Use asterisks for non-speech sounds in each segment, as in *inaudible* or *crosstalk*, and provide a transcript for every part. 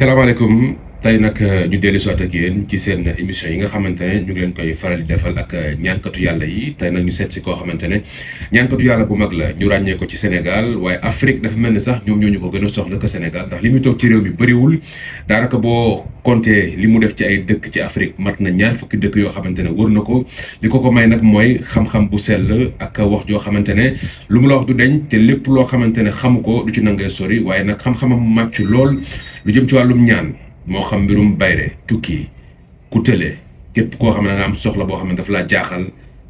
salaamaaleykum tey nag euh, ñu dellu soit ak yéen ci seen émission yi nga xamante ne ñu ngi leen koy faral di defal ak euh, ñaankatu yàlla yi tey nag ñu seet koo xamante ne ñaankatu yàlla bu mag la ñu ràññee ko ci Sénégal waaye Afrique dafa mel ni sax ñoom ñoo ñu ko gën a soxla ko Sénégal ndax li muy toog ci réew mi bëriwul daanaka boo compter li mu def ci ay dëkk ci Afrique mat na ñaar fukki dëkk yoo xamante ne wër na ko li ko ko may nag mooy xam-xam bu sell ak wax joo xamante ne lu mu la wax du deñ te lépp loo xamante ne xamu ko du ci nangay sori waaye nag xam-xamam màcc lool lu jëm ci wàllum ñaan moo xam mbirum bayre tukki ku tële képp koo xam ne da nga am soxla boo xam ne dafa laa jaaxal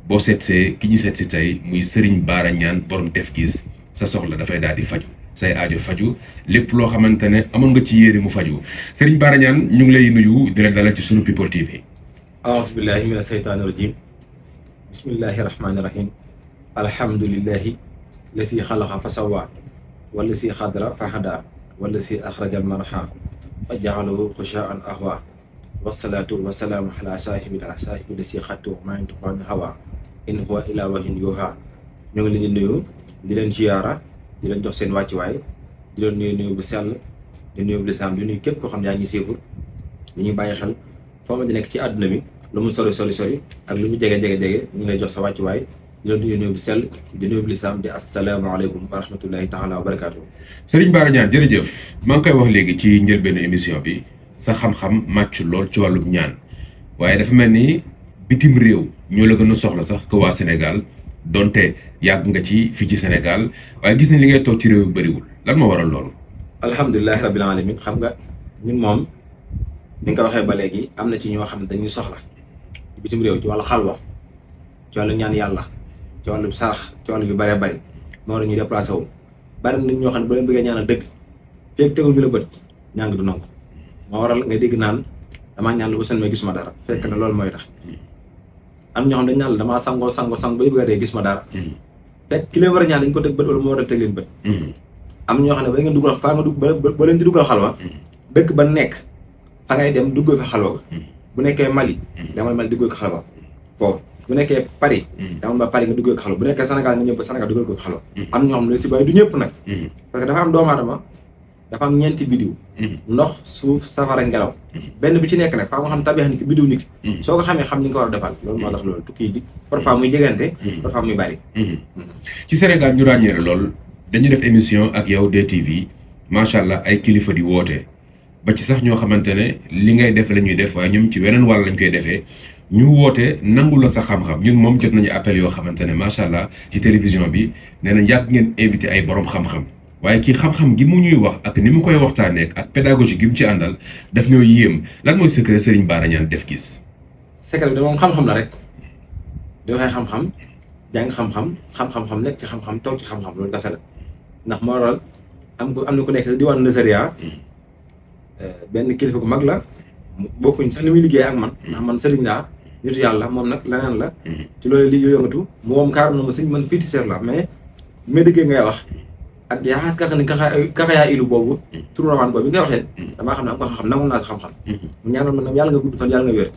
boo seetsee ki ñu seet si tey muy Serigne Bara Niane borom def gis sa soxla dafay daal di faju say aajo faju lépp loo xamante ne amoon nga ci yére mu faju sëriñ Bara ñu ngi lay nuyu di la dalal ci sunu People TV. aùzu billaahi a shaytaani rajiim bismillaahi rahmaani rahiim alhamdulillaahi la si xalaqa fa sawaa wala si xadra fa xadaa wala si axraja almarha fa jaxalahu xushaan ahwa wasalaatu wasalaamu ala saahibina saahibi la si xattu maa ngi tuqaan hawa in huwa ila wahin yuha ñoo ngi leen di nuyu di leen ziyaara di leen jox seen wàccuwaay di leen nuyu nuyu bu sell di nuyu bu lislaam di nuyu képp koo xam ne yaa ngi siiful di ñu bàyyi xel foo ma nekk ci àdduna bi lu mu sori sori sori ak lu mu jege jege jege ñu ngi lay jox sa wàcc wàccuwaay ñoo ngi nuyu bu sell di nuyu bu lislaam di asalaamaaleykum wa rahmatullahi taala wa barakaatu. Serigne Bara Niane jërëjëf maa ngi koy wax léegi ci njëlbéenu émission bi sa xam-xam màcc lool ci wàllum ñaan waaye dafa mel ni bitim réew ñoo la gën a soxla sax que senegal Sénégal donte yàgg nga ci fii ci senegal waaye gis nañ li ngay toog ci réew yu bëriwul lan moo waral loolu. alhamdulilah rabil alamin xam nga moom ni nga ko waxee ba léegi am na ci ñoo xam ne dañuy soxla réew ci wàllu xalwa ñaan yàlla. ci wàllu sarax ci wàllu bi bëree bari moo la ñuy déplacé wu bëri na ñoo xam ne bu leen bëggee ñaanal dëgg fekk tegu ñu la bët ñàng du nangu moo waral nga dégg naan damaa ñaan lu ba seen may ma dara fekk na loolu mooy tax am ñoo xam ñaan damaa sangoo sangoo sang ba bëgg a dee gisuma dara mm-hmm. fekk dañ ko teg bët wala moo a teg leen bët mm-hmm. ñoo xam ne ba ngeen dugal faa nga dugg ba leen di dugal xalwa mm-hmm. dëkk ba nekk fa ngay dem duggoo fi xalwa bu nekkee Mali demal Mali duggoo fi xalwa foofu bu nekkee Paris mm. dama ba Paris nga dugal ko xalo bu nekkee Sénégal nga ñëw ba Sénégal dugal ko xalo mm. am ñoo xam ne si du ñëpp nag mm. parce que dafa am doomu aadama dafa am ñeenti bidiw ndox suuf safara ngelaw benn bi ci nekk nag faa nga xam tabiix ni ki bidiw nit soo ko xamee xam ni nga ko war a defal loolu moo tax loolu tukki yi di parfois muy jegante parfois muy bari ci Sénégal ñu ràññee lool dañu def émission ak yow DTV macha allah ay kilifa di woote ba ci sax ñoo xamante ne li ngay def la ñuy def waaye ñoom ci weneen wàll lañ koy defee ñu woote nangu la sa xam-xam ñun moom jot nañu appel yoo xamante ne macha allah ci télévision bi nee na ngeen invité ay borom xam-xam waaye kii xam-xam gi mu ñuy wax ak ni mu koy waxtaanee ak pédagogie gi mu ci àndal daf ñoo yéem lan mooy secret Serigne Bara Niane def gis. secret bi moom xam-xam la rek di waxee xam-xam jàng xam-xam xam-xam nekk ci xam-xam toog ci xam-xam loolu kese ndax moo waral am am na ku nekk di wàllu Nigeria mm. euh, benn kilifa gu mag la bokkuñ sax ni muy liggéey ak man mm. ndax man Serigne laa. nitu yàlla moom nag la leneen la mm-hmm. ci loolu liggéey yëngatu moom kaar na ma sëñ man féticheur la mais médiqué ngay wax mm-hmm. ak yaas kaxa ni kaxa kaxayaa ilu boobu mm-hmm. turu rawaan boobu bi ngay waxee damaa xam ne am nga xam-xam nangu naa xam-xam mu ñaanal ma nag yàlla nga gudd fan yàlla nga wér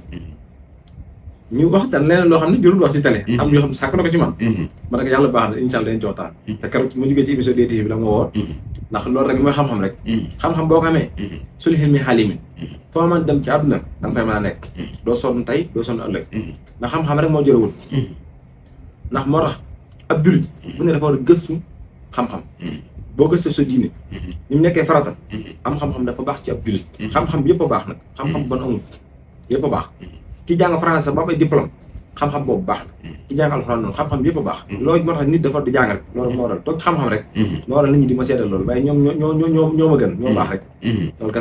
ñu waxtaan leneen loo xam ne jërul wax si télé am yoo xam ne sàkk na ko ci man ma ne ko yàlla baax na incha allah dañ ci waxtaan te keroog mu jógee ci émission DTV bi la ma woo ndax loolu rek mooy xam-xam rek hmm. xam-xam boo ko amee hmm. sul xil mi xaalimin hmm. foo mën dem ci àdduna da nga nekk doo sonn tey doo sonn ëllëg ndax xam-xam rek moo jërëwul ndax moo tax ab jullit bu ne dafa gëstu xam-xam boo gëstu sa diine nekkee farata am xam-xam dafa baax ci ab jullit xam-xam bi yëpp a baax nag xam-xam bon amul yëpp a baax kii jàng français ba am ay diplôme xam-xam boobu baax mm-hmm. ku jàng alxuraan noonu xam-xam yëpp baax mm-hmm. loolu moo tax nit dafa du jàng rek moo mm-hmm. waral toog xam-xam rek moo waral nit ñi di ma seetal loolu waaye ñoom ñoo ñoo ñoo ñoo ma gën ñoo baax rek loolu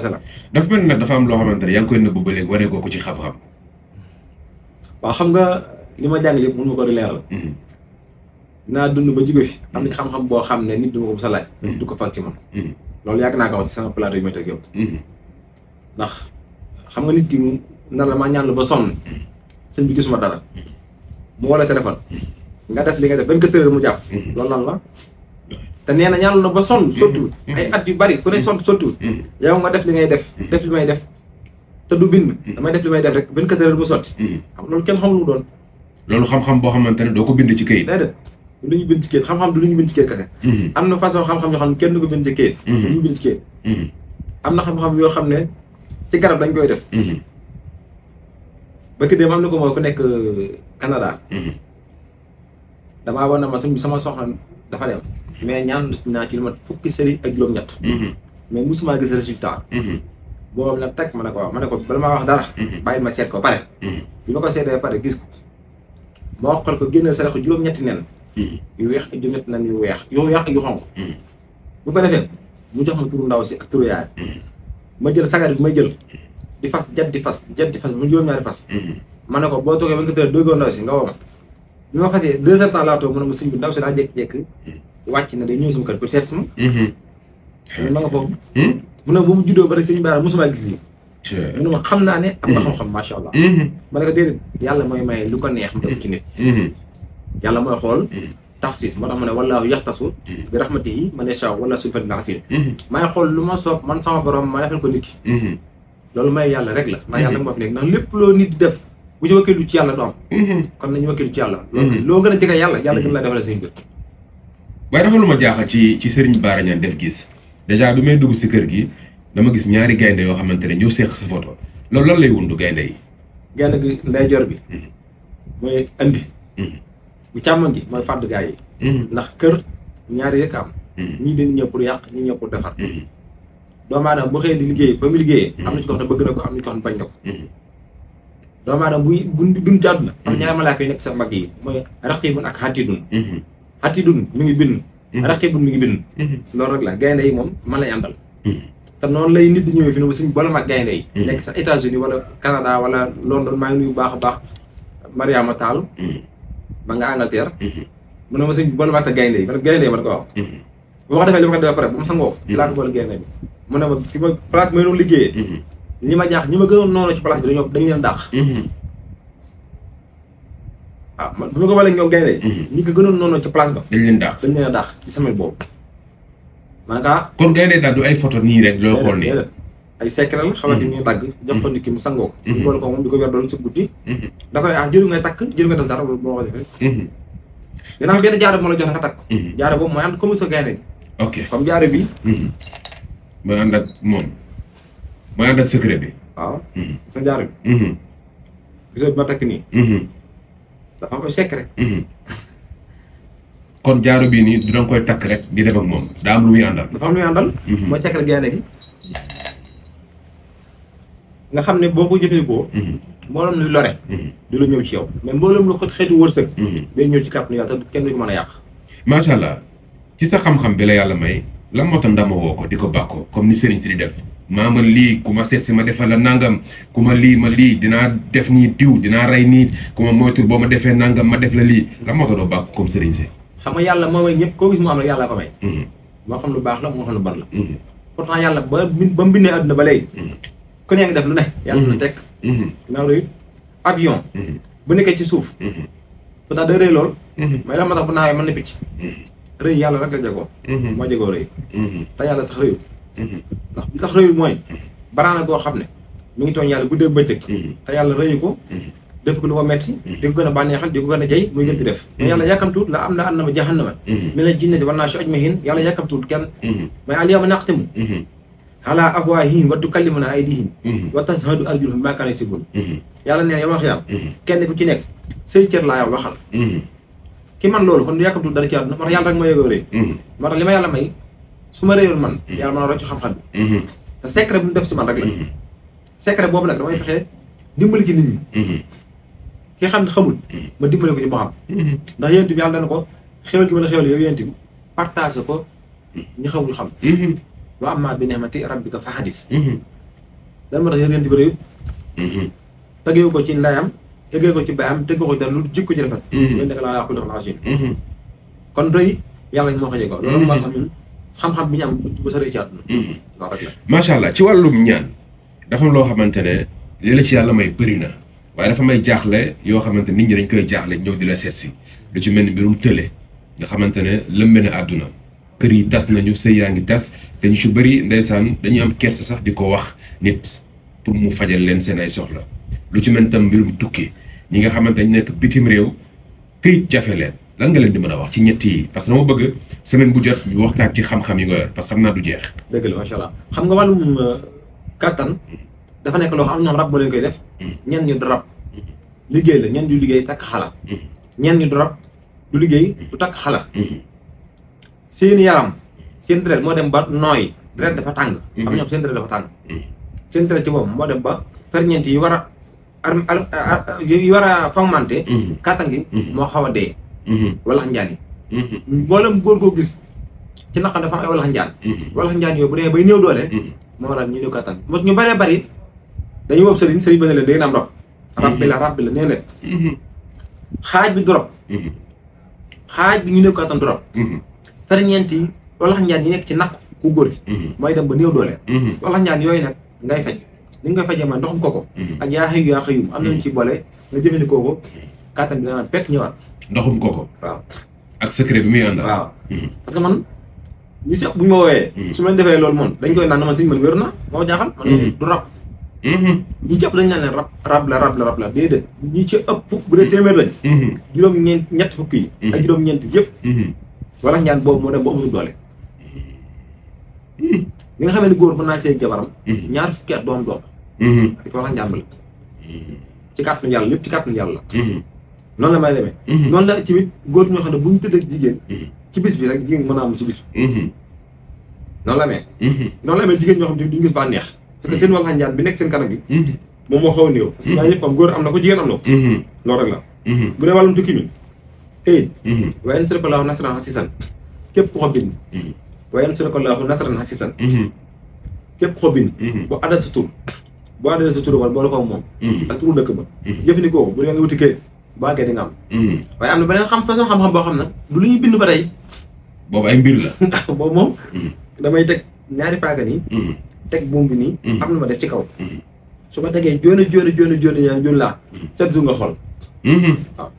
dafa loo xamante ne yaa ngi koy nëbb ba léegi wane ko ci xam-xam waaw xam nga li ma jàng yëpp ma ko di naa dund ba jóge fi na xam boo xam ne nit sa laaj du ko fal ci loolu yàgg naa ko wax ci sama plateau yu ndax xam nga nit ki nar la ñaan la ba sonn sëñ bi gisuma dara mu wala téléphone nga def li nga def benn quatre heures mu jàpp loolu lan la te nee na ñaanal na ba sonn sottiwul ay at yu bari ku ne sonn sottiwul yow nga def li ngay def def li may def te du bind damay def li may def rek benn quatre heures mu sotti xam loolu kenn xamul mu doon loolu xam-xam boo xamante ne doo ko bind ci këyit déedéet lu ñu bind ci këyit xam-xam du lu ñu bind ci këyit kese mm-hmm. am na façon xam-xam yoo xam ne kenn du ko bind ci këyit mm-hmm. lu ñu bind ci këyit mm-hmm. am na xam-xam yoo xam ne ci garab dañ koy def bëgg de am na ko mooy ku nekk euh, Canada. Mhm. damaa war na ma sama soxna dafa mais ñaan naa ci lu ma fukki sëriñ ak juróom-ñett. Mhm. mais musuma gis résultat. Mhm. boobu nag teg ma ne ko ma ne ko bala maa wax dara. bàyyi ma seet ko pare. bi ma ko seetee pare gis ko. ma wax ko génne sarax juróom-ñetti nen. yu weex ak juróom-ñetti nen yu weex yu weex yu xonq. bu ko defee mu jox ma turu ndaw si ak ma jël sagar ma jël. di fas jat di fas jat di fas mu juróom-ñaari fas. Mhm. ma ne ko boo toogee ba nga ko tëral doo ko ndaw si nga woo ma. bi ma fas yee deux heures temps laa toog ma ne ma sëñ bi ndaw si daa jékki-jékki. Mhm. wàcc na day ñëw sama kër pour seet si ma. ma mhm. nga foofu. Hmm? mu ne bu mu juddoo ba rek sëñ Bara mosuma gis lii. mu ne ma xam naa ne. am nga xam-xam macha allah. ma ne ko déedéet yàlla mooy maye lu ko neex mu def ci nit. yàlla mooy xool. taxsis moo tax ma ne wallaahu yaxtasu bi rahmatihi man yashaa wala sulfat naxasin. maay xool lu ma soob man sama borom ma defal ko nit ki loolu may yàlla rek la ndax yàlla moo fi nekk ndax lépp loo nit def bu ñu wakkilu ci yàlla du am mhm. kon nañu wakkilu ci yàlla mhm. loo gën a jege yàlla yàlla mhm. gën laa defale seen biir lu ma jaaxal ci ci Serigne Bara Niane def gis dèjà bi may dugg si kër gi dama gis ñaari gaynde yoo xamante ne ñoo seeq sa photo loolu lan lay wundu gaynde yi gaynde gi ndeyjoor bi mooy andi bu càmmoñ gi mooy fàdd gaay yi ndax kër ñaari yëkk am ñii dañu ñëw pour yàq ñii ñëw pour doomu aadama bu xëyee liggéey ba mu mm-hmm. am na ci ko xam ne bëgg na ko am na ci ko xam bañ na ko mm-hmm. doomu aadama bu dund ci àdduna am mm-hmm. nekk sa mag yi mooy raqibun ak xatidun xatidun mi ngi bind raqibun mi ngi bind loolu rek yi moom man lañ àndal te noonu lay nit ñëwee fi ne ba suñ boole mag gaynde yi nekk sa États-Unis wala Canada wala London maa ngi nuyu baax a baax Mariama Tall ma nga Angleterre mu ne ma suñ boole mag sa gaynde yi man gaynde yi man ko wax boo ko defee li ma ko defee pare ba mu sangoo ci laa ko boole gaynde bi mu ne ma fi ma mhm. ñi ma ñaax ñi ma gënoon noonu ci place mhm. ah, ma ko boolee ñoom gaynde mhm. ñi ko gënoon noonu ci place ba. dañ leen dàq dañ leen dàq ci semaine boobu. maanaam. Ah. kon gaynde daal du ay photo nii rek looy xool nii. ay secret la xamante ñu dagg jox ko nit ki mu sangoo ko ñu boole ko moom di ko wer doon si guddi da koy ah jëru ngay takk jëru nga def dara moo ko def rek gannaaw benn bi ma la jox nga takk jaaro boobu mooy ànd comme sa gaynde gi ok bi mooy ànd ak moom mooy ànd ak secret bi. waaw. Mm-hmm. sa jaar bi. Mm-hmm. gisoo ma takk nii. Mm-hmm. dafa am secret. kon jaaro bii nii du doon koy takk rek di dem ak moom daa am lu muy àndal. dafa am lu àndal. mooy secret gaynde gi nga xam ne boo ko jëfandikoo. mbooloom luy lore. du la ñëw ci yow mais mbooloom lu xët xeetu wërsëg. day ñëw ci kàttanu yàlla te kenn du ko mën a yàq. macha allah ci sa xam-xam bi la yàlla may. lan moo tax ndama ko di ko bàkkoo comme ni sëriñ si di def maa ma lii ku ma seet si ma defal la nangam ku ma lii ma lii dinaa def nii diw dinaa rey nii ku ma moytul boo ma defee nangam ma def la lii lan moo tax doo bàkku comme sëriñ si xam nga yàlla moo may ñëpp koo gis mu am la yàlla ko may mm-hmm. moo xam lu baax la moo xam lu bon la mm-hmm. pourtant yàlla ba ba mu bindee àdduna ba léegi mm-hmm. ku ne ngi def lu ne yàlla na teg ginnaaw rëy avion bu ci suuf pourtant day moo tax bu picc rëy yàlla rek la jagoo mm-hmm. moo jagoo rëy mm-hmm. te yàlla sax rëyul mm-hmm. ndax li tax rëyul mooy baraana boo xam ne mi ngi tooñ yàlla guddee bëccëg te yàlla rëyu ko def ko lu ko metti di ko gën a bànneexal di ko gën a jay muy gën di def mais yàlla yàkkamtuut la am na an na ma jahannama mi la jinnati war naa si ajmahin yàlla yàkkamtuut kenn mais a yawma a ala afwahihim wa tukallimuna aydihim wa tashhadu arjuluhum bimaa kaanu yasibuun yàlla neen yow wax yàlla kenn ku ci nekk say ki man loolu kon du yàkkamtul dara ci moo tax yàlla rek ma yëgoo rëy mhm. moo tax li ma yàlla may su ma réyoon man mhm. yàlla mën a rocc xam-xam bi mhm. te secret bu mu def si man rek la secret boobu nag damay fexee dimbali ci nit ñi ki xam xamul ma dimbali ko ci boo xam ndax yéen bi yàlla dana ko xéwal gi ma la xéwal yow yéen bi partagé ko ñi xamul xam wa amma bi ni'mati rabbika fa hadis dan ma tax yéen bi réyut tegeewu ko ci ndayam tëggee ko ci baayam tëggee ko ci dara lu mhm. mhm. kon doy yàlla ñu moo ko mhm. xam-xam bi ñu am bu ci àdduna macha allah ci wàllum ñaan dafa loo xamante ne li la ci yàlla may bëri na waaye dafa may jaaxle yoo xamante nit ñi dañ koy jaaxle ñëw di la seet si lu ci mel ni mbirum tële nga xamante ne lëmbe na àdduna kër yi tas nañu sëy yaa ngi tas te ñu ci bëri ndeysaan dañuy am kersa sax di ko wax nit pour mu fajal leen seen ay soxla lu ci mel tam mbirum tukki ñi nga xamante ne nekk bitim réew këyit jafe leen lan nga leen di mën a wax ci ñetti yi parce que dama bëgg semaine bu jot ñu waxtaan ci xam-xam yi nga yor parce que xam naa du jeex. dëgg la macha allah xam nga wàllum euh, kattan dafa nekk loo xam am rab moo leen koy def. ñenn ñu du liggéey la ñenn ñu liggéey takk xala. ñenn ñu du liggéey du takk xala. seen yaram seen moo dem ba nooy deret dafa tàng. am ñoom seen deret dafa tàng. seen deret ci boobu moo dem ba ferñeent yi war arm yi war a fommante mhm. kàttan gi mhm. moo xaw a dee mhm. walax njaan yi mboolem góor goo gis ci naqam dafa am ay walax njaan walax yooyu bu dee bay néew doole moo waral ñu néew kàttan moo ñu bare bëri dañu woob sëriñ sëriñ ba ne leen da ngeen am rab bi la rab bi la nee net xaaj bi du rab xaaj bi ñu néew kàttan du rab ferñeent yi walax yi nekk ci naq ku góor gi mooy dem ba néew doole walax yooyu nag ngay faj ni nga fajee man ndoxum koko mm-hmm. ak yaa xëyu yaa xëyum am nañu ci boole nga jëfandikoo ko mm-hmm. kàttan bi danaan pekk ñëwaat ndoxum koko waaw ak secret bi muy àndal waaw mm-hmm. parce que ñi si bu ñu ma wooyee su ma leen defee loolu moom dañ koy naan man siñu man wér na moo jaaxal man du ñi ci ëpp dañ naan leen rab rab la rab la rab ci ëpp bu dee téeméer lañ juróom ñeent fukk yi ak juróom ñeent yëpp ñaan boobu moo dem ba amul nga xamee ne góor mën naa see jabaram ñaar fukki at doom doom di mm-hmm. ko wax njàmb la mm-hmm. ci kàttanu yàlla lépp ci kàttanu yàlla mm-hmm. noonu la may demee noonu la ci wit góor ñoo xam ne bu ñu tëdd jigéen ci bis bi rek jigéen mën a am ci bis bi noonu la amee noonu la amee jigéen ñoo xam ne duñu gis bànneex parce que seen wàllu njaan bi nekk seen kanam bi moom moo xaw a néew parce que yaa yëpp am góor am na ko jigéen am na ko loolu rek la bu dee wàllum tukki mi tey waaye n sureko laahu nasran xasisan képp ko bind waaye n sureko laahu nasran képp ko bind boo àndalee sa turu wala boole ko moom. Hmm. ak turu dëkk ba. Hmm. jëfandikoo bu dee nga wuti këyit boo àggee di nga am. Hmm. waaye am na beneen xam façon xam-xam boo xam ne du lu ñuy bind ba tey. boobu ay mbir la. *laughs* boobu moom. damay teg ñaari paaka nii. teg buum bi nii. am na ma def ci kaw. su ma tegee jooni jooni jooni jooni ñaan jooni laa. sept jours nga xool. waaw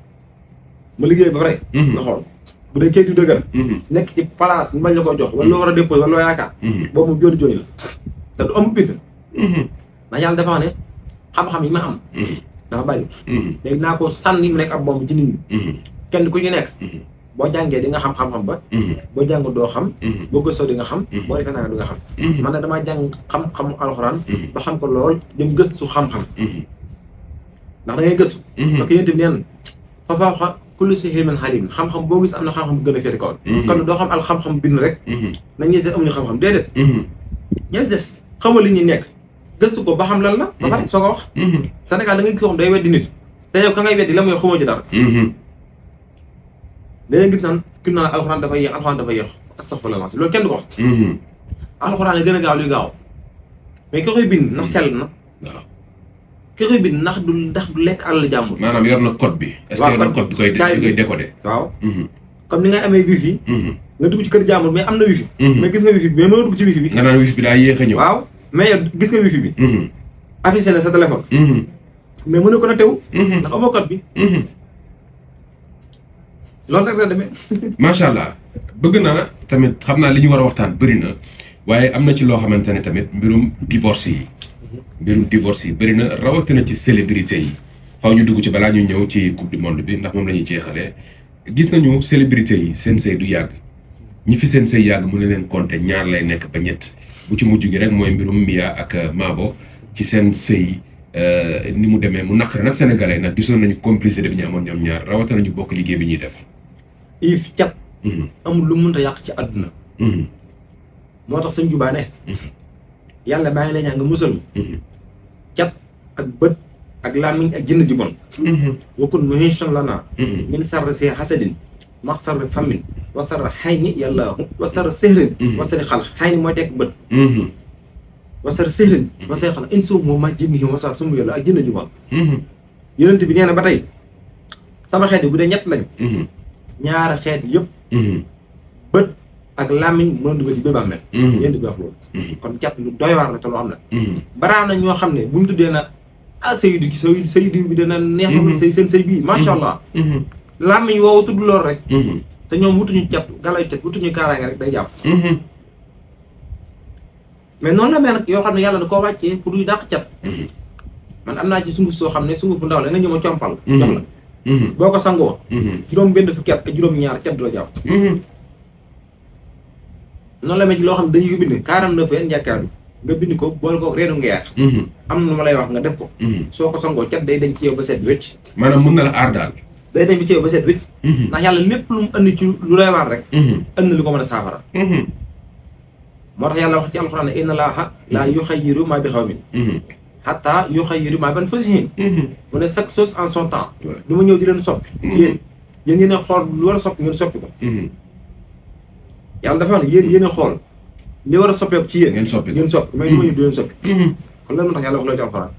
ma liggéey ba pare. nga xool bu dee këyit yu dëgër. nekk ci place ñu bañ la ko jox wala loo war a déposé wala loo yaakaar. boobu moom jooni jooni la te du amul bind. man yàlla dafa ne xam-xam yi ma am. Hmm. dafa bari. Hmm. léegi naa ko sànni mu nekk ab bomb ci hmm. kenn ku ñu nekk. boo jàngee di nga xam xam ba. boo jàng doo xam. boo gëstoo di nga xam. boo defee di nga xam. man nag damaa jàng xam-xam alxuraan. ba xam ko lool dem gëstu xam-xam. ndax da ngay gëstu. parce que yéen xa kullu si xam-xam boo gis am na xam-xam bu gën a féete kaw. kon doo xam al xam-xam bind rek. na ñuy seet amuñu xam-xam déedéet. ña des xamal li ñuy nekk. gëstu ko ba xam lan la. ba pare mhm. soo ko wax. Mhm. Sénégal da nga gis te yow ka ngay mhm. da ngay gis naan kii naa alxuraan dafa yéex alxuraan dafa yéex astafurlah loolu kenn du ko wax. alxuraan a gaaw luy gaaw mais ki koy bind ndax sell na. waaw ki koy bind ndax du ndax lekk alal jàmbur. maanaam yor bi. est-ce que yor na code bi koy koy décoder. waaw comme ni ngay amee wifi. nga dugg kër jàmbur mais am na wifi. mais gis nga wifi bi mais mënoo dugg ci wifi bi. nga naan wifi bi daa yéex a ñëw mais yow gis nga wifi bi. Mhm. affiché na sa téléphone. Mhm. mais mën ne kon a mhm. ndax amoo code bi. loolu rek la demee. macha allah bëgg naa tamit xam naa li ñu war a waxtaan bëri na waaye am na ci loo xamante ne tamit mbirum divorce yi. mbirum divorce yi bëri na rawatina ci célébrité yi faw ñu dugg ci balaa ñu ñëw ci coupe du monde bi ndax moom la ñuy jeexalee gis nañu célébrité yi seen sëy du yàgg ñi fi seen sëy yàgg mu ne leen compter ñaar lay nekk ba ñett. bu ci mujj gi rek mooy mbirum Mia ak euh, Mabo ci seen sëy euh, ni mu demee mu naqare nag sénégalais nag gisoon nañu complicité bi ñu amoon ñoom ñaar rawatina ñu bokk liggéey bi ñuy def. if cap. Mhm. amul lu mënta yàq ci àdduna. Mhm. moo tax sëñ Juba ne. Mhm. yàlla baa ngi lay ñaan nga musal. cap ak bët ak làmmiñ ak jënd ju bon. wakun muhinsan lana min sarri see hasadin masarra famin wasarra xayni yàllaahu wasarra sihrin mhm. wasari xalq xayni mooy tekk bët mhm. wasarra sihrin mhm. wasari xalq in suuf moom maa jinni wasar sumu yàlla ak jënna jubal yonent bi nee na ba tey sama xeet yi bu dee ñett lañ ñaari xeet yëpp bët ak làmmiñ mën dugal ci biir a yonent bi wax loolu kon jàpp lu doy waar la te lu am la baraa na ñoo xam ne buñ tuddee na ah sayyidu gi sayyidu sayyidu bi dana neex seen say bii allah làmmiñ woowu tudd loolu rek. Mhm. te ñoom wutuñu cat galay tet wutuñu kaaraange rek day jàpp. Mhm. mais noonu la mel nag yoo xam ne yàlla da koo wàccee pour yu dàq cat. Mhm. man am naa ci sunguf soo xam ne sunguf bu la nga ñëw ma compal. jox boo ko sangoo. juróom benn fukki juróom ñaar cat du la jàpp. loo xam ne dañuy bind quarante neuf heures njàkkaadu nga bind ko boole ko am na nu lay wax nga def ko. soo ko sangoo cat day dañ ci yow ba set wécc. maanaam mun na la aar daal. day dem bi ceeb ba seet wicc mhm. ndax yàlla lépp lu mu ënd ci lu lay waar rek ënd mhm. na lu ko mën a saafara mhm. moo tax yàlla wax ci alxuraan ne inna laaha laa yuxayyiru maa bi xawmin xataa yuxayyiru maa bi anfusihim mu ne chaque chose en son temps du ma ñëw di leen soppi yéen yéen xool lu war a soppi ngeen soppi ko xool li war a ci yéen ngeen soppi ngeen soppi ma ñëw di leen soppi kon lan moo tax yàlla wax loolu ci alxuraan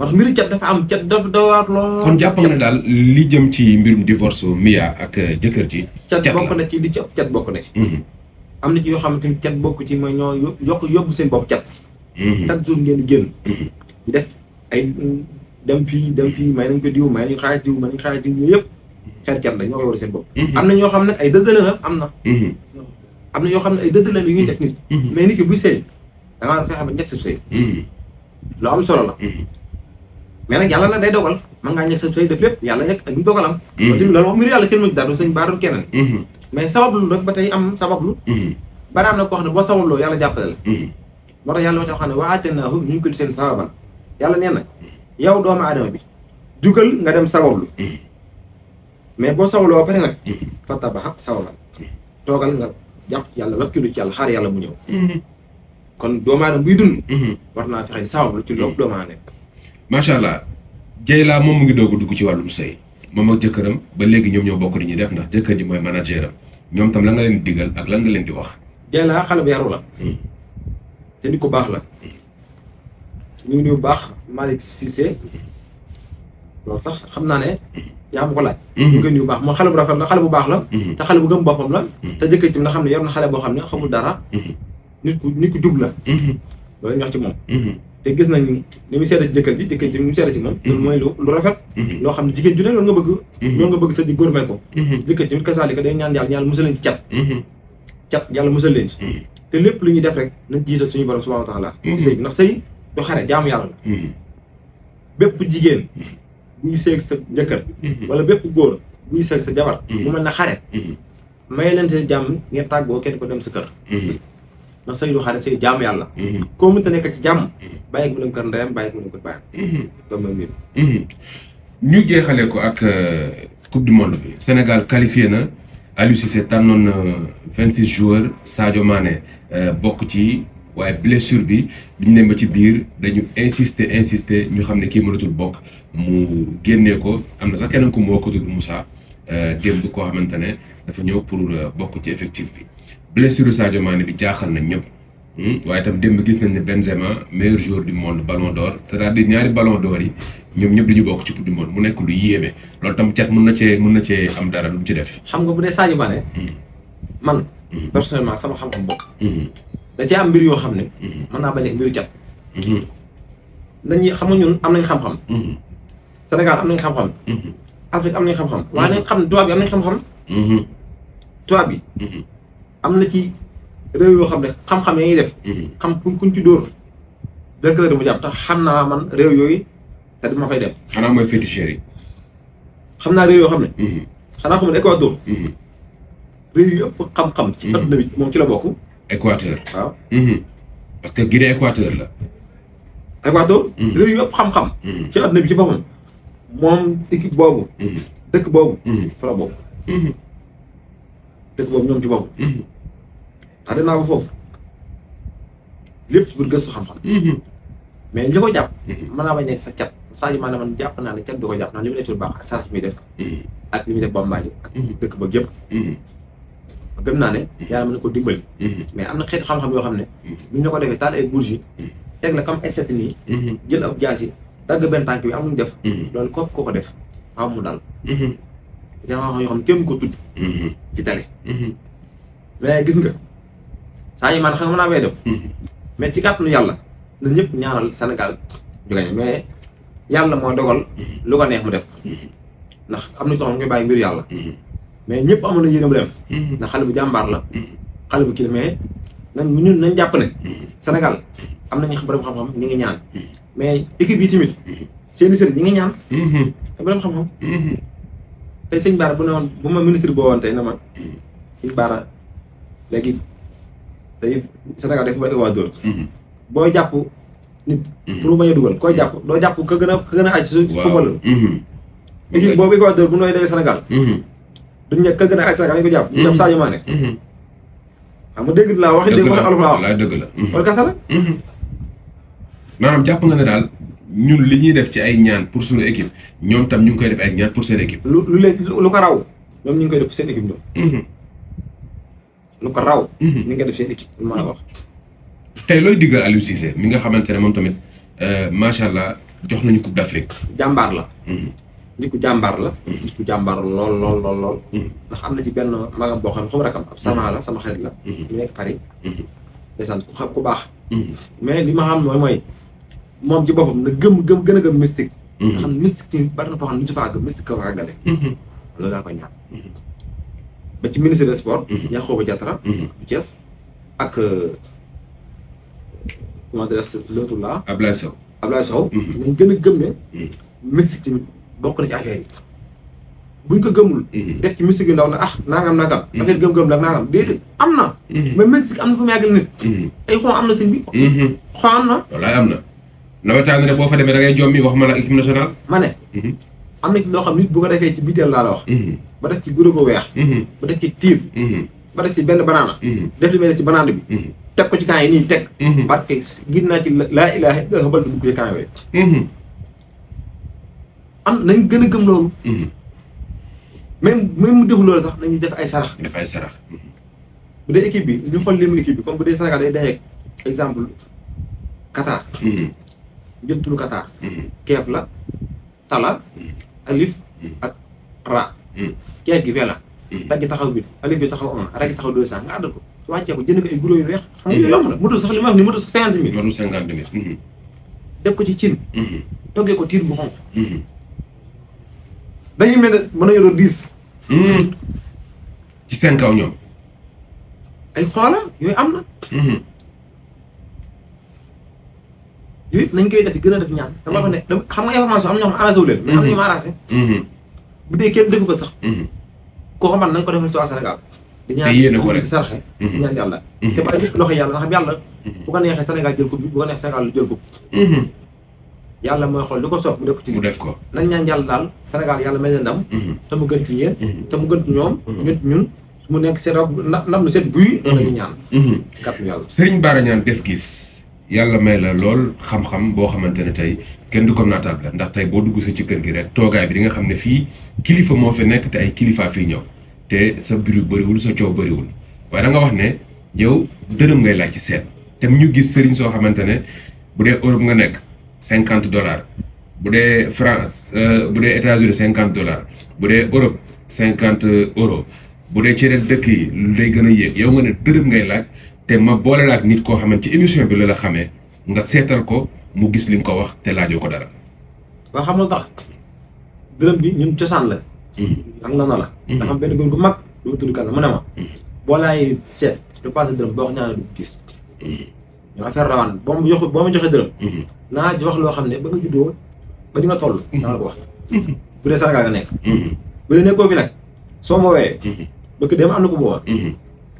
wax mbiru cat dafa am cat dafa dawaat lool. kon jàppam ne daal li jëm ci mbir mbirum divorce Mia ak euh, jëkkër ji. cat bokk na ci li ci ëpp cat bokk na ci. na ci yoo xamante ni cat bokk ci mooy ñoo yokk seen bopp cat. Mm-hmm. chaque jour ngeen di génn. Mm-hmm. di def fii dem fii may nañ ko diw may nañ xaalis diw may nañ xaalis diw yëpp xeer cat la ñoo koy seen bopp. Mm-hmm. am na ñoo xam ne ay dëddale am na. am na ñoo xam ne ay dëddale yu ñuy def nit. mais nit ki buy sëy da ngaa war a fexe ñett si sëy. lu am solo la. mais nag yàlla na day dogal man ngaa ñëw sa say def lépp yàlla nekk ak ñu dogalam mhm. loolu moom mbiru yàlla kenn mënu dara sëñ baarul keneen mhm. mais rek ba tey am sabablu mhm. bari am na ko xam ne boo sababloo yàlla jàppale la moo tax yàlla wax xam ne wa aataynaahum min kulli shay'in sababan nee na yow doomu aadama bi jugal nga dem sabablu mais boo sababloo ba pare nag ba tabaxa sababan toogal nga jàpp ci yàlla wakkilu ci yàlla xaar yàlla bu ñëw kon doomu aadama buy dund war naa fexe di sabablu ci loolu doomu aadama macha allah Dieyla moom mu ngi doog dugg ci wàllum sëy moom ak jëkkëram ba léegi ñoom ñoo bokk di ñuy def ndax jëkkër ji mooy manager am ñoom tam la nga leen digal ak lan nga leen di wax. Dieyla xale bu yaru la. Hmm. te nit ku baax la. ñu baax Malick Cissé loolu sax xam naa ne. yaa ma ko laaj. Hmm. ñu baax moom xale bu rafet la xale bu baax la. Hmm. te xale bu gëm boppam la. te jëkkër ji na xam ne yor xale boo xam ne xamul dara. nit ku nit ku jub la. loolu ñu ci moom. te gis nañ ni muy seede jëkkër ji jëkkër ji ni muy seede ci moom mm-hmm. loolu mooy lu rafet mm-hmm. loo xam ne jigéen ju ne loolu nga bëgg mm-hmm. loolu nga bëgg sa di góormee ko jëkkër ji kasaalika day ci te lépp lu ñuy def rek nañ jiital suñu borom subhanahu wa taala ci sëy bi ndax sëy du xare jaamu yàlla la bépp jigéen buy seeg sa jëkkër wala bépp góor buy seeg sa jabar mu mel na xare may leen te jàmm ngeen tàggoo kenn ko dem sa kër ndax sëñ du xaar sëñ jaamu yàlla. Mhm. koo mënta nekk ci jàmm. Mhm. bàyyi ko mu dem kër ndeyam bàyyi ko mu dem kër baayam. doom mhm. mooy mbir. ñu jeexalee ko ak euh, coupe du monde bi Sénégal qualifié na Aliou tànnoon na euh, vingt six joueurs Sadio Mané euh, bokk ci waaye blessure bi biñ dem ba ci biir dañu insister insister ñu xam ne kii mënatul bokk mu génnee ko am na sax keneen ku mu woo ko tudd Moussa démb koo xamante ne dafa ñëw pour bokk ci effective bi. blessure Sadio Mané bi jaaxal na ñëpp hmm? waaye tam démb gis nañ ne Benzema meilleur joueur du monde ballon d'or c'est-à-dire ñaari ballon d'or yi ñoom ñëpp dañu bokk ci coupe du monde mu nekk lu yéeme loolu tam cat mën na cee mën na cee am dara lu mu ci def. xam nga bu dee Sadio Mané. Hmm. man. Hmm. personnellement sama xam-xam bopp. da am mbir yoo xam ne. mën naa bañ a mbiru cat. dañuy xam nga ñun am nañ xam-xam. Sénégal am nañ xam-xam. Afrique am nañ xam-xam. waaye nañ xam tubaab bi am nañ xam-xam. am na ci réew yoo xam ne xam-xam ya def. Mhm. xam kuñ kuñ ci dóor. benn kër mu tax xam naa man réew yooyu te dama fay dem. xanaa mooy féticheurs yi. xam naa réew yoo xam ne. Mhm. xanaa xamul Équateur. Mhm. réew yu ëpp xam-xam. ci adduna bi moom ci la bokk. Équateur waaw. parce que Guinée Équateur la. Équateur. ci adduna ci boppam moom équipe boobu. dëkk boobu. fa la bokk. dëkk boobu ñoom ci bopp ndax dem naa ba foofu lépp ci biir gëstu xam-xam mhm. mais ñi ko jàpp mhm. mën naa bañ nekk sa cat Sadio Mané man jàpp naa ne cat bi ko jàpp naa li mu baax ak sarax mi def mhm. ak mu def Bambali dëkk ba yëpp gëm naa ne yàlla mën na ko dimbali mais am na xeeti xam-xam yoo xam ne buñ la ko defee taal ay bourgie teg la comme esthète nii jël ab jaasi dagg benn tànk bi am lu def loolu kooku ko ko def xaw mu dal dafa wax yoo xam kenn ko tudd. Mm-hmm. ci mm-hmm. mais gis nga saa yi man xam nga mën naa koy def. Mm-hmm. mais ci kàttanu yàlla na ñëpp ñaanal Sénégal ñu gañe mais yàlla moo dogal. lu ko neex mu def. ndax am na xam ne ñu yàlla. mais ñëpp amoon na yéene xale bu jàmbaar la. xale bu kii mais nañ ñun nañ jàpp ne. Sénégal am nañu borom xam-xam ñi ngi ñaan. mais équipe yi tamit. seen i ñi ngi ñaan. te borom xam-xam. tey sëñ Bara bu ne woon bu ma ministre boo woon tey na ma hmm. sëñ Bara léegi dañuy Sénégal dafa bëri waa dóor. Hmm. boo jàpp nit. Hmm. pour mu bañ a dugal koo jàpp doo jàpp ka gën a ka gën a aaj. waaw su football la. équipe boobu Ivoire d'Or bu nooy dee Sénégal. duñ ne ka gën a aaj Sénégal dañ ko jàpp. ñu jàpp Sadio Mané. xam nga dégg laa wax dëgg la wax dëgg la wax. wala kasa jàpp nga ne daal. ñun li ñuy def ci ay ñaan pour suñu équipe ñoom tam ñu ngi koy def ay ñaan pour seen équipe. lu lu lu ko raw ñoom ñu koy def seen équipe mhm. lu ko raw. Mhm. ñu ngi koy def seen équipe mën a wax. tey looy diggal Aliou Cissé mi nga xamante ne moom tamit euh, macha allah jox nañu coupe d' Afrique. jàmbaar la. Mhm. nit ku jàmbaar la. nit ku jàmbaar lool lool lool lool. ndax am na ci benn magam boo xam ne xaw ma rakam ab sama la sama la. mu nekk Paris. ndeysaan ku xam ku baax. mais li ma xam mooy mooy. moom ci boppam na gëm gëm gën a gëm mystique. Mhm. nga xam foo xam ne ñu ci faa ka fa àggale. loolu laa koy ñaan. Mhm. ba ci ministre des sports. Mhm. Yankhoba bu Thiès ak euh, comment dirais-je l'autre là. Ablaye Sow a gëm ne. mystique tamit bokk na ci affaire buñ ko gëmul. def ci mystique ndaw na ah nangam nangam. affaire gëm-gëm la nangam déedéet am na. mais mystique am na fu mu yàggal nit. ay xoo am na sëñ bi. xoo am na. nawetaan rek boo fa demee da ngay jommi wax ma la nationale. ma ne. Mhm. am na ci loo xam nit bu ko defee ci biteel laa la wax. Mhm. ba def ci guddo ko weex. Mhm. ba def ci tiir. ba def ci benn banaana. def li may def ci banaana bi. teg ko ci kaa yi nii teg. parce que gis naa ci laa ilaaha illa xabal du buggee kaa yooyu. am nañ gën a gëm loolu. même même mu defu loolu sax nañu def ay sarax. def ay sarax. bu dee équipe bi ñu xool limu équipe bi comme bu dee Sénégal day jël turu Qatar. Mm-hmm. keef la tala. Mm-hmm. alif mm-hmm. ak ra. keef gi vela. dagg taxaw bi alif bi taxaw amoon ra gi taxaw deux cent nga àddal ko wàccee ko jënd ko ay guro yu weex. xam nga yomb na mu dul sax li ma wax nii mu dul sax cinquante mille. ko ci cin. toggee ko tiir bu xonq. mel ne mën na yoroo dix. ci seen kaw ñoom. ay xoola yooyu am na. yooyu eh, nañ koy def gën a def ñaan dama wax ne xam nga information am na mm-hmm. ko sax mm-hmm. koo xamante na nga ko defal si waa Sénégal di ñaan di sarxe di mm-hmm. ñaan yàlla te bàyyi lépp loxo yàlla ndax xam yàlla bu ko neexee Sénégal jël mooy xool lu ko soob mu def ko ci ko nañ ñaan yàlla daal Sénégal yàlla may leen ndam te mu gën ci yéen mu gën ci ñoom gën ci ñun mu nekk seen ndam lu set guy lañu ñaan kàttu Bara Niane def gis yàlla may la lool xam-xam boo xamante ne tey kenn du ko naataable ndax tey boo dugg sa ci kër gi rek toogaay bi di nga xam ne fii kilifa moo fi nekk te ay kilifaa fi ñëw te sa biru bëriwul sa coow bëriwul waaye da nga wax ne yow dërëm ngay laaj ci seet te ñu gis sëriñ soo xamante ne bu dee Europe nga nekk cinquante dollars bu dee France euh, bu dee États-Unis cinquante dollars bu dee Europe cinquante euros bu dee ci dëkk yi lu day gën a yéeg yow nga ne dërëm ngay laaj. te ma boole la ak nit koo xamante ci émission bi la la xamee nga seetal ko mu gis li nga ko wax te laajoo ko dara. waaw xam nga tax dërëm bi ñun cosaan la. Mm-hmm. ak noonu la. Mm-hmm. dafa am benn góor gu mag lu ma tudd kan la mu ne ma. Mm-hmm. boo laay seet lu passé dërëm boo wax ñaanal ñu affaire rawaan boo ma jox boo ma joxee dërëm. naa ci wax loo xam ne ba nga juddoo ba di nga toll. naa la ko wax. bu dee Sénégal nga nekk. bu dee nekkoo fi nag soo ma wooyee. bëgg dem am na ko booba.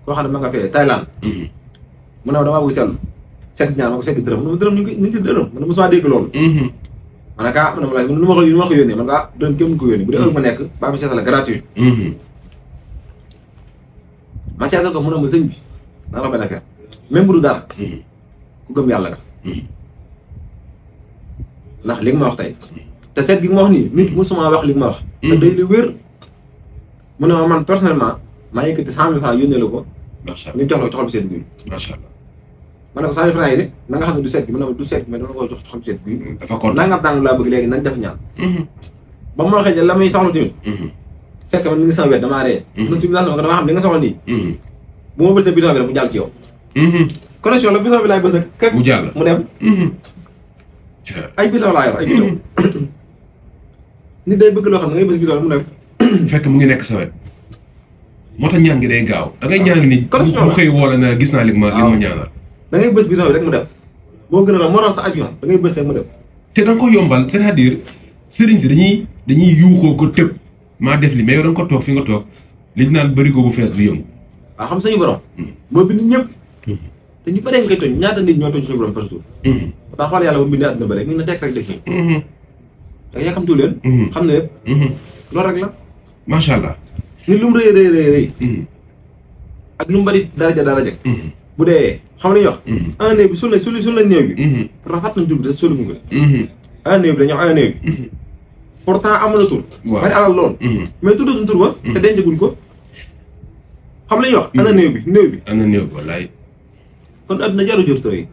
koo xam ne ma nga fee Thaïlande. mu ne ma damaa bëgg seetlu seet ñaar ma ko seet dërëm mu ne ma dërëm ñu ngi ñu ngi ci dërëm mu ne mosuma dégg loolu mm-hmm. ma ne ka ah, mu ne ma laaj mu ne nu ma ko nu ma ko yónnee man ka ah, dërëm kenn ko yónnee bu dee heure ma nekk baa ma seetal la gratuit mm-hmm. ma seetal ko mu ne ma sëñ bi daa la benn affaire même bu du dara mm-hmm. ku gëm yàlla nga ndax li nga ma wax tey te seet gi nga ma wax nii nit mosuma wax li nga ma wax te day lu wér mu ne ma man personnellement maa yëkkati cent mille francs yónnee la ko li mu jox la ko joxal bi seen biir macha allah ma ne ko cent mille yi de na nga xam ne du seet gi ma ne ko du seet gi mais dama koy jox xam seet mm, dafa kon nangam tàng laa bëgg léegi nañ def ñaan mm-hmm. ba mu ma waxee la muy soxla tamit mm-hmm. fekk man mi ngi sama wet mm-hmm. si naa ma mu jàll la bouton bi laay bës ak mu jàll mu dem ay bouton laa yor day bëgg loo xam ne ngay bës bouton mu dem *coughs* fekk mu ngi nekk sa wet moo tax ñaan gi day gaaw da ngay ah. ñaan ni mu xëy woo la gis naa li moo li ah. da bës bi rek mu dem moo gën a moo raw sa avion da ngay bës rek mu dem. te da nga ko yombal c'est-à-dire sëriñ si dañuy dañuy yuuxoo ko tëb maa def li mais yow da ko toog fi nga toog li ñu naan bëri ko bu fees du yëngu. waaw xam sañu borom. Hmm. moo bind ñëpp. Hmm. te ñu bëree nga koy toj ñaata nit ñoo toj suñu borom par jour. Hmm. daa xool yàlla ba mu bindee àdduna ba rek ñu ne tekk rek def nii. da xam tuuti leen. xam na lépp. loolu rek la. macha allah. nit lu mu rëy rëy bu dee xam nañu wax. Mm-hmm. un néew bi suul la suul suul la néew mm-hmm. bi. rafet nañ jublu te suul mu ngi mm-hmm. un néew bi dañuy wax un néew bi. pourtant am na tur. ba. te dencaguñ ko. xam lañu wax. ana néew bi néew bi. ana néew bi wallaay. kon àdduna jaru jur tur yi.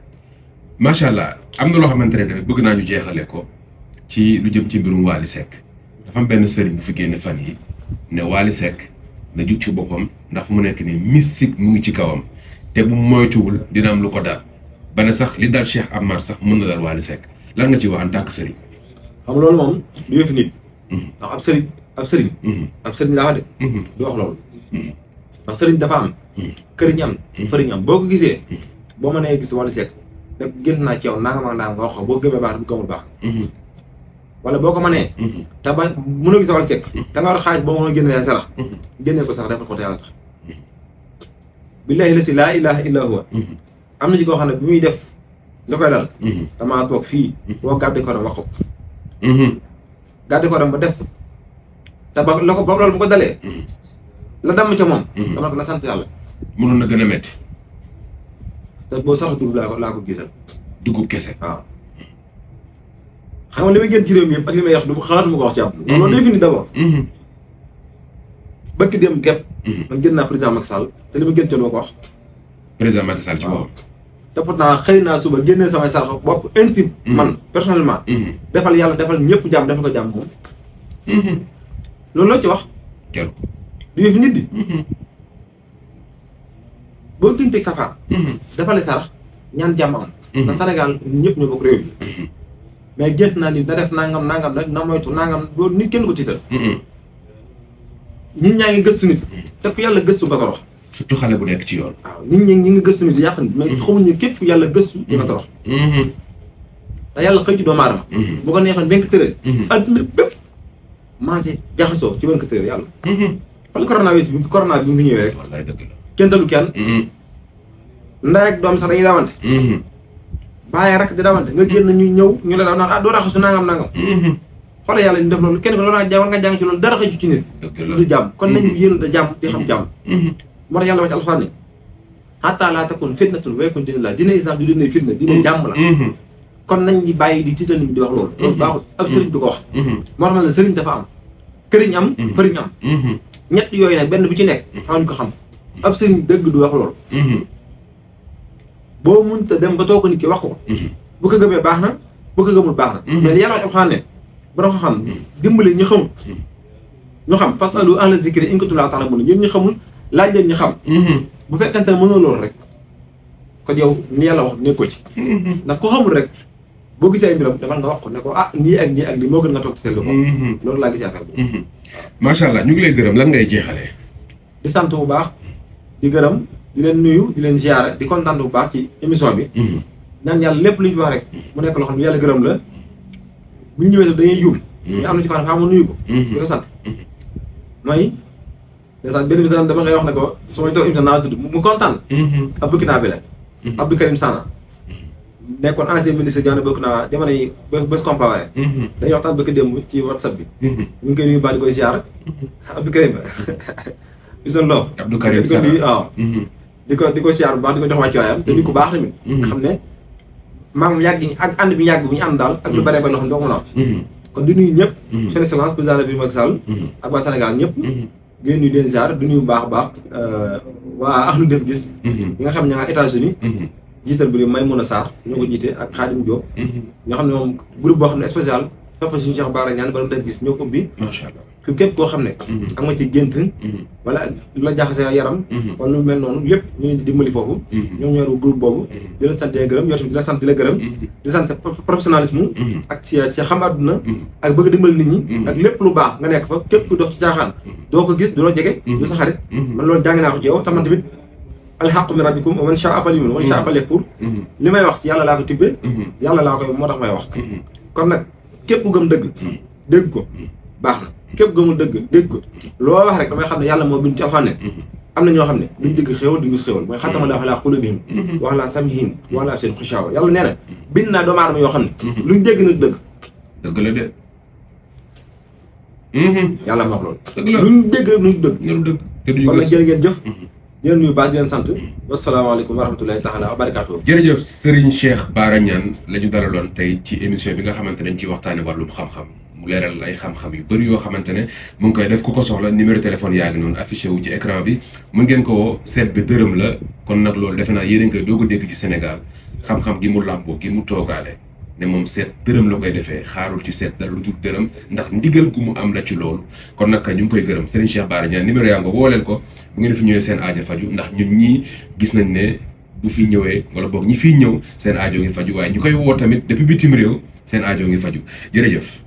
macha allah am na loo xamante ne tamit bëgg naa ñu jeexale ko ci lu jëm ci mbirum Waly Seck dafa am benn sëriñ bu fi génn fan yi ne Waly Seck na jug ci boppam ndax mu nekk ni mystique mu ngi ci kawam. te bu moytuwul dina am lu ko daal ba sax li daal am Amar sax mun na daal Wally Seck lan nga ci wax en tant que sëriñ. xam nga loolu moom du yëfi nit. Mhm. ndax ab sëriñ ab sëriñ. Mhm. ab sëriñ laa wax de. Mhm. du wax loolu. ndax sëriñ dafa am. këriñ am. fëriñ am boo ko gisee. boo mënee gis Wally Seck nag génn naa ci naa ma naa nga wax ko boo gëmee baax bu gëmul baax. wala boo ko mënee. te ba mënoo gis Wally Seck. nga war xaalis boo mën a génnee sarax. ko sax defal ko te yàlla tax. billahi la si laa ilaha illa mm-hmm. am na ci koo xam ne bi muy def la koy dal mm-hmm. damaa toog fii boo mm-hmm. gàdde ko ram wax ba def te ba la ko ba loolu bu ko dalee la damm ca moom dama ko na sant yàlla mënoon na gën a metti te boo sax dugub laa ko laa ko gisal dugub kese waaw xam nga li gën ci réew mi yëpp ak li may wax du mu mu ko wax ci àdduna loolu day fini d'abord dem képp Mhm. man gën naa président Macky Sall te li ma gën ca wax. président Macky Sall ci boppam. te pourtant xëy naa suba génnee samay sarax bopp intime. Mhm. man personnellement. Mhm. defal yàlla defal ñëpp jàmm defal ko jàmm moom. loolu loo ci wax. jarul du yëf nit di. boo gën teg safar. defale sarax ñaan jàmm na Sénégal ñëpp ñoo bokk réew mi. mais gént naa ni na def nangam nangam na moytu nangam loolu nit kenn ko tiital. nit ñaa ngi gëstu nit te ku yàlla gëstu nga torox nit ñi ngi gëstu nit yàq nit mais mm-hmm. xamuñ ne képp ku yàlla gëstu nga torox mm-hmm. te yàlla xëy ci doomu aadama mm-hmm. bu ko neexoon benn tëral adduna bépp mancé jaxasoo ci benn tëral yàlla wala coronavirus bi corona bi mu fi ñëwee rek wallaay dëgg la kenn dalu kenn ndaay ak doom sax dañuy dawante bàyyi rek di dawante nga génn ñu ñëw ñu la daw naan ah doo raxasu nangam nangam xoolal yàlla ñu def loolu kenn ko war naa war nga jàng ci loolu dara xëccu ci nit du jàmm kon nañu mhm. yéen a jàmm di xam mhm. jàmm mhm. moo tax yàlla wax ci alxuraan ni xataa laa takun fitnatun wa yakun diinu laa diine islam du diine fitna diine jàmm la kon nañ ñi bàyyi di tiital nit ñi di wax loolu loolu baaxul ab sëriñ du wax moo tax ma ne sëriñ dafa am këriñ am fëriñ am ñett yooyu nag benn bu ci nekk faaw ñu ko xam ab sëriñ dëgg du wax loolu boo mënta dem ba toog nit ki wax ko bu gëmee baax na bu gëmul baax na mais yàlla wax alxuraan ne borom xam-xam hmm. dimbale ñu xamul hmm. ñu xam fasalu ahla zikri in kuntum laa ta'lamuun ñun ñu xamul laaj leen ñu xam hmm. bu fekkante ne mënoo loolu rek kon yow ni yàlla wax nekk ko ci ndax ku xamul rek boo gisee ay mbiram nga wax ko ne ko ah nii ak nii moo gën nga toog teel ko loolu laa gisee affaire bi macha allah ñu ngi lay gërëm lan ngay jeexalee di sant bu baax di gërëm di leen nuyu di leen ziyaara di kontaan bu baax ci émission bi naan yàlla lépp lu ñu wax rek mu nekk loo xam ne yàlla gërëm la bu ñu ñëwee nag dañuy juum. Mm-hmm. am na ci ko xam ne nuyu ko. Mm-hmm. sant. Mm-hmm. mooy benn bi daan dama ngay wax ne ko su ma toog émission naa la tudd mu kontaan. ab Burkina bi la. Abdou Karim nekkoon ancien ministre jaana Burkina yi bés comparé. dañuy waxtaan ci whatsapp bi. ñu ngi koy nuyu ba di koy ziar. Abdou Karim Bison *laughs* Loof. Abdou Karim di ko nuyu baax di ko jox wàccuwaayam. te nit ku baax tamit. nga xam ne. maam yàgg ñi ak ànd bi ñu yàgg bi ñu ànd daal ak lu mm-hmm. bare ba loo xam ne a am mm-hmm. kon di nuyu ñëpp mm-hmm. son excellence président bi Macky Sall ak waa Sénégal ñëpp du nuyu baax a baax euh, waa Akhlou Def Guiss ñi nga xam ne ñaa nga États-Unis jiital bi Maïmouna Sarr ñoo ko ak Khadim Diop ñoo xam ne moom groupe boo xam ne spécial topp suñu Cheikh Bara Niane borom Def Guiss ñoo ko ubbi que képp koo xam ne. Mm-hmm. am ma ci gént. Mm-hmm. wala lu la jaaxase yaram. Mm-hmm. wala lu mel noonu lépp ñu ngi dimbali foofu. ñoom ñooy groupe boobu. di la sant di la gërëm sant di la gërëm. di sant sa professionnalisme. ak ci ci xam àdduna. ak bëgg dimbali nit ñi. ak lépp lu baax nga nekk fa képp ku dox ci caaxaan. doo ko gis du la jege. du sa xarit. man loolu jàng naa ko ci yow te man tamit. alxaqu min rabbikum wa man shaa falyu'min wa li may wax ci yàlla laa ko tibbee. yàlla laa koy moo tax may wax. kon nag képp ku gëm dëgg. dégg ko baax na képp gëmul dëgg dégg ko loo wax rek damay xam ne yàlla moo bind ci alxuraan ne mhm. am na ñoo xam ne duñ dégg xéewal duñ gis xéewal mooy xatama mhm. laahu alaa quluubihim mhm. wa alaa sam'ihim wa alaa absaarihim ghishaawa yàlla nee bind naa doomu aadama yoo xam ne luñ dégg nag dëgg dëgg la de yàlla ma wax loolu dëgg la luñ dégg rek luñ dëgg dëgg kon nag jërë ngeen jëf di leen nuyu baax di leen sant wasalaamaaleykum wa rahmatulahi taala wa barakaatu jërëjëf Serigne Cheikh Bara Niane la ñu dalaloon tey ci émission bi nga xamante dañ ciy waxtaane wàllum xam leeral ay xam-xam yu bëri yoo xamante ne mu ngi koy def ku ko soxla numéro téléphone yaa ngi noonu affiché wu ci écran bi mu ngeen ko woo seet bi dërëm la kon nag loolu defe naa yéen koy doog a dégg ci Sénégal xam-xam gi mu làmboo gi mu toogaale ne moom seet dërëm la koy defee xaarul ci seet dara lu dul dërëm ndax ndigal gu mu am la ci loolu kon nag ñu ngi koy gërëm Serigne Cheikh Bara Niane numéro yaa ngi ko woo leen ko bu ngeen fi ñëwee seen aajo faju ndax ñu ñii gis nañ ne bu fi ñëwee wala boog ñi fiy ñëw seen aajo ngi faju waaye ñu koy woo tamit depuis bitim réew seen aajo ngi faju jërëjëf